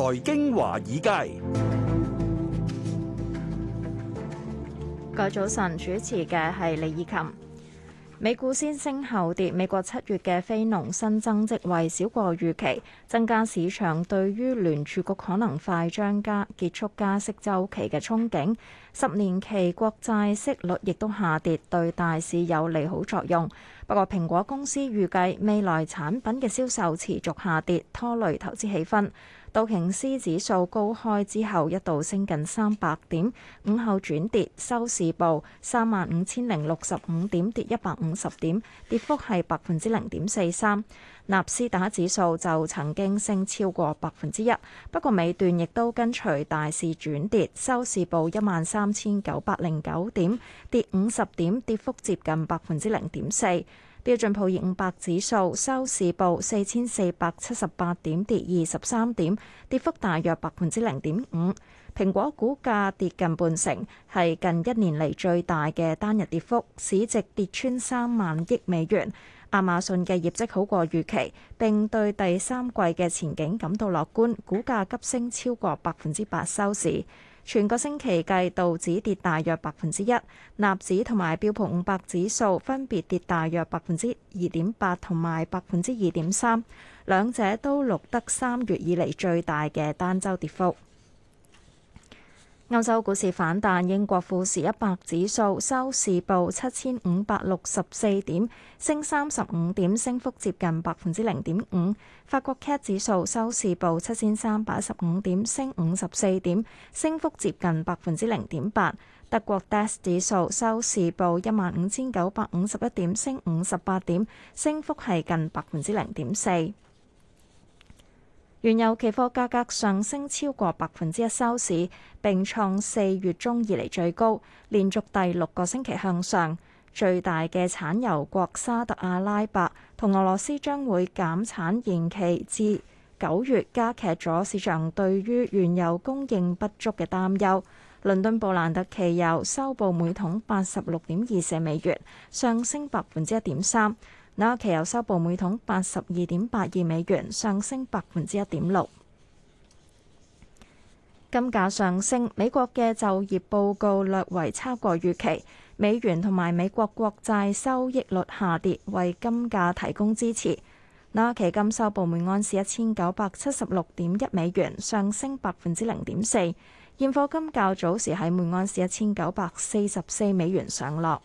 財經華爾街，各位早晨，主持嘅係李以琴。美股先升後跌，美國七月嘅非農新增職位少過預期，增加市場對於聯儲局可能快將加結束加息週期嘅憧憬。十年期國債息率亦都下跌，對大市有利好作用。不過，蘋果公司預計未來產品嘅銷售持續下跌，拖累投資氣氛。道瓊斯指數高開之後一度升近三百點，午後轉跌，收市報三萬五千零六十五點，跌一百五十點，跌幅係百分之零點四三。納斯達指數就曾經升超過百分之一，不過尾段亦都跟隨大市轉跌，收市報一萬三千九百零九點，跌五十點，跌幅接近百分之零點四。標準普爾五百指數收市報四千四百七十八點，跌二十三點，跌幅大約百分之零點五。蘋果股價跌近半成，係近一年嚟最大嘅單日跌幅，市值跌穿三萬億美元。亞馬遜嘅業績好過預期，並對第三季嘅前景感到樂觀，股價急升超過百分之八收市。全個星期計，道指跌大約百分之一，納指同埋標普五百指數分別跌大約百分之二點八同埋百分之二點三，兩者都錄得三月以嚟最大嘅單周跌幅。歐洲股市反彈，英國富時一百指數收市報七千五百六十四點，升三十五點，升幅接近百分之零點五。法國 CAC 指數收市報七千三百一十五點，升五十四點，升幅接近百分之零點八。德國 DAX 指數收市報一萬五千九百五十一點，升五十八點，升幅係近百分之零點四。原油期貨價格上升超過百分之一，收市，並創四月中以嚟最高，連續第六個星期向上。最大嘅產油國沙特阿拉伯同俄羅斯將會減產延期至九月，加劇咗市場對於原油供應不足嘅擔憂。倫敦布蘭特期油收報每桶八十六點二四美元，上升百分之一點三。紐期油收報每桶八十二點八二美元，上升百分之一點六。金價上升，美國嘅就業報告略為超過預期，美元同埋美國國債收益率下跌，為金價提供支持。紐期金收報每盎司一千九百七十六點一美元，上升百分之零點四。現貨金較早時喺每盎司一千九百四十四美元上落。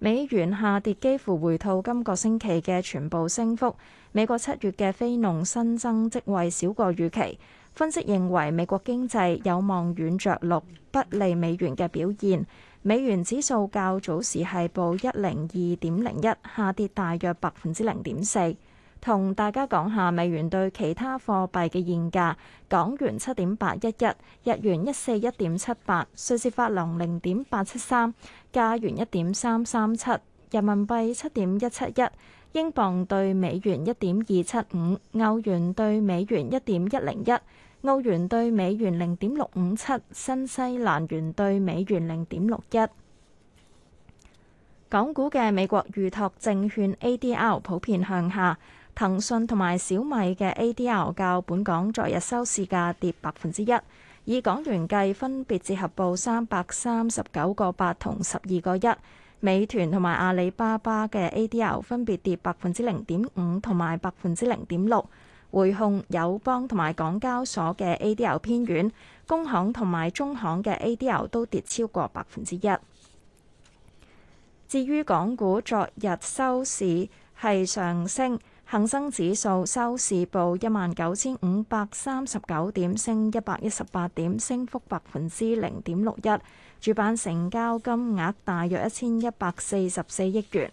美元下跌幾乎回吐今個星期嘅全部升幅。美國七月嘅非農新增職位少過預期，分析認為美國經濟有望軟着陸，不利美元嘅表現。美元指數較早時係報一零二點零一，下跌大約百分之零點四。同大家講下美元對其他貨幣嘅現價：港元七點八一一，日元一四一點七八，瑞士法郎零點八七三，加元一點三三七，人民幣七點一七一，英鎊對美元一點二七五，歐元對美元一點一零一，澳元對美元零點六五七，新西蘭元對美元零點六一。港股嘅美國預託證券 ADR 普遍向下。騰訊同埋小米嘅 A.D.L. 較本港昨日收市價跌百分之一，以港元計分別折合報三百三十九個八同十二個一。美團同埋阿里巴巴嘅 A.D.L. 分別跌百分之零點五同埋百分之零點六。匯控、友邦同埋港交所嘅 A.D.L. 偏軟，工行同埋中行嘅 A.D.L. 都跌超過百分之一。至於港股昨日收市係上升。恒生指數收市報一萬九千五百三十九點，升一百一十八點，升幅百分之零點六一。主板成交金額大約一千一百四十四億元。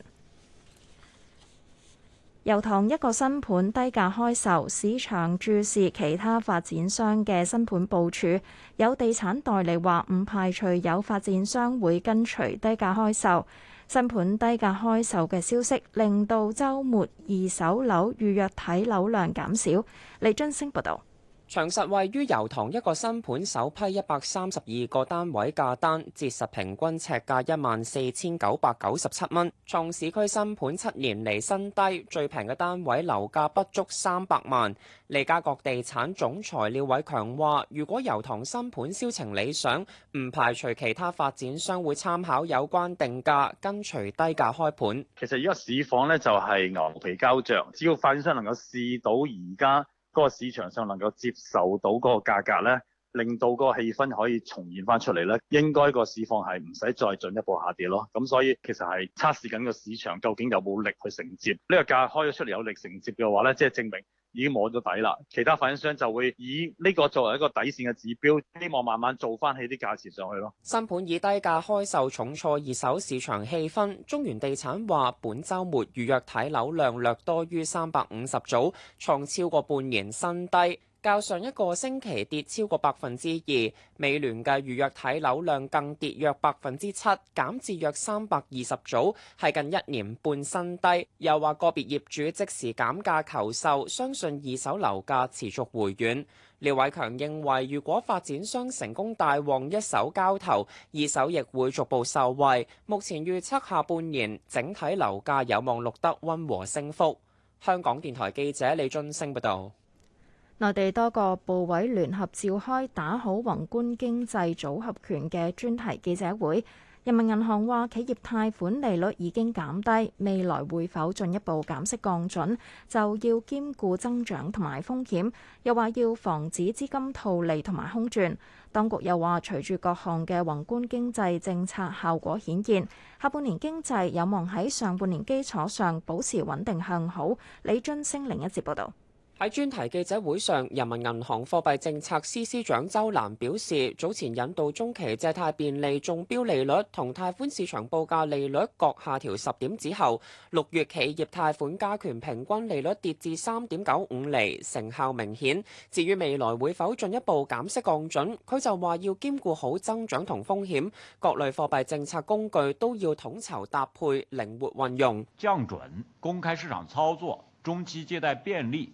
油塘一個新盤低價開售，市場注視其他發展商嘅新盤部署。有地產代理話唔排除有發展商會跟隨低價開售。新盤低價開售嘅消息，令到週末二手樓預約睇樓量減少。李俊升報導。長實位於油塘一個新盤首批一百三十二個單位價單，折實平均尺價一萬四千九百九十七蚊，創市區新盤七年嚟新低，最平嘅單位樓價不足三百萬。利嘉閣地產總裁廖偉強話：如果油塘新盤銷情理想，唔排除其他發展商會參考有關定價，跟隨低價開盤。其實而家市況呢，就係牛皮膠著，只要發展商能夠試到而家。嗰個市場上能夠接受到嗰個價格咧，令到嗰個氣氛可以重現翻出嚟咧，應該個市況係唔使再進一步下跌咯。咁所以其實係測試緊個市場究竟有冇力去承接呢、呢個價開咗出嚟，有力承接嘅話咧，即係證明。已經摸到底啦，其他發展商就會以呢個作為一個底線嘅指標，希望慢慢做翻起啲價錢上去咯。新盤以低價開售重挫二手市場氣氛。中原地產話，本週末預約睇樓量略多於三百五十組，創超過半年新低。較上一個星期跌超過百分之二，美聯嘅預約睇樓量更跌約百分之七，減至約三百二十組，係近一年半新低。又話個別業主即時減價求售，相信二手樓價持續回軟。廖偉強認為，如果發展商成功帶旺一手交投，二手亦會逐步受惠。目前預測下半年整體樓價有望錄得溫和升幅。香港電台記者李津升報導。內地多個部委聯合召開打好宏觀經濟組合拳嘅專題記者會。人民銀行話，企業貸款利率已經減低，未來會否進一步減息降準，就要兼顧增長同埋風險。又話要防止資金套利同埋空轉。當局又話，隨住各項嘅宏觀經濟政策效果顯現，下半年經濟有望喺上半年基礎上保持穩定向好。李津星另一節報道。喺專題記者會上，人民銀行貨幣政策司司長周蘭表示，早前引導中期借貸便利中標利率同貸款市場報價利率各下調十點之後，六月企業貸款加權平均利率跌至三點九五厘，成效明顯。至於未來會否進一步減息降準，佢就話要兼顧好增長同風險，各類貨幣政策工具都要統籌搭配，靈活運用。降準、公開市場操作、中期借貸便利。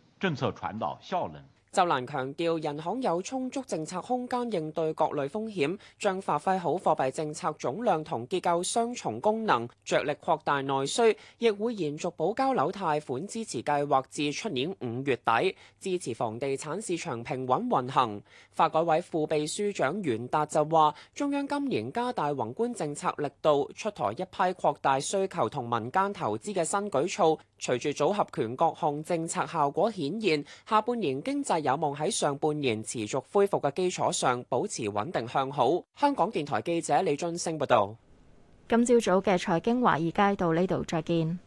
政策傳導效能。就難強調人行有充足政策空間應對各類風險，將發揮好貨幣政策總量同結構雙重功能，着力擴大內需，亦會延續保交樓貸款支持計劃至出年五月底，支持房地產市場平穩運行。發改委副秘書長袁達就話：中央今年加大宏觀政策力度，出台一批擴大需求同民間投資嘅新舉措，隨住組合拳各項政策效果顯現，下半年經濟。有望喺上半年持續恢復嘅基礎上保持穩定向好。香港電台記者李俊升報導。今朝早嘅財經華爾街到呢度，再見。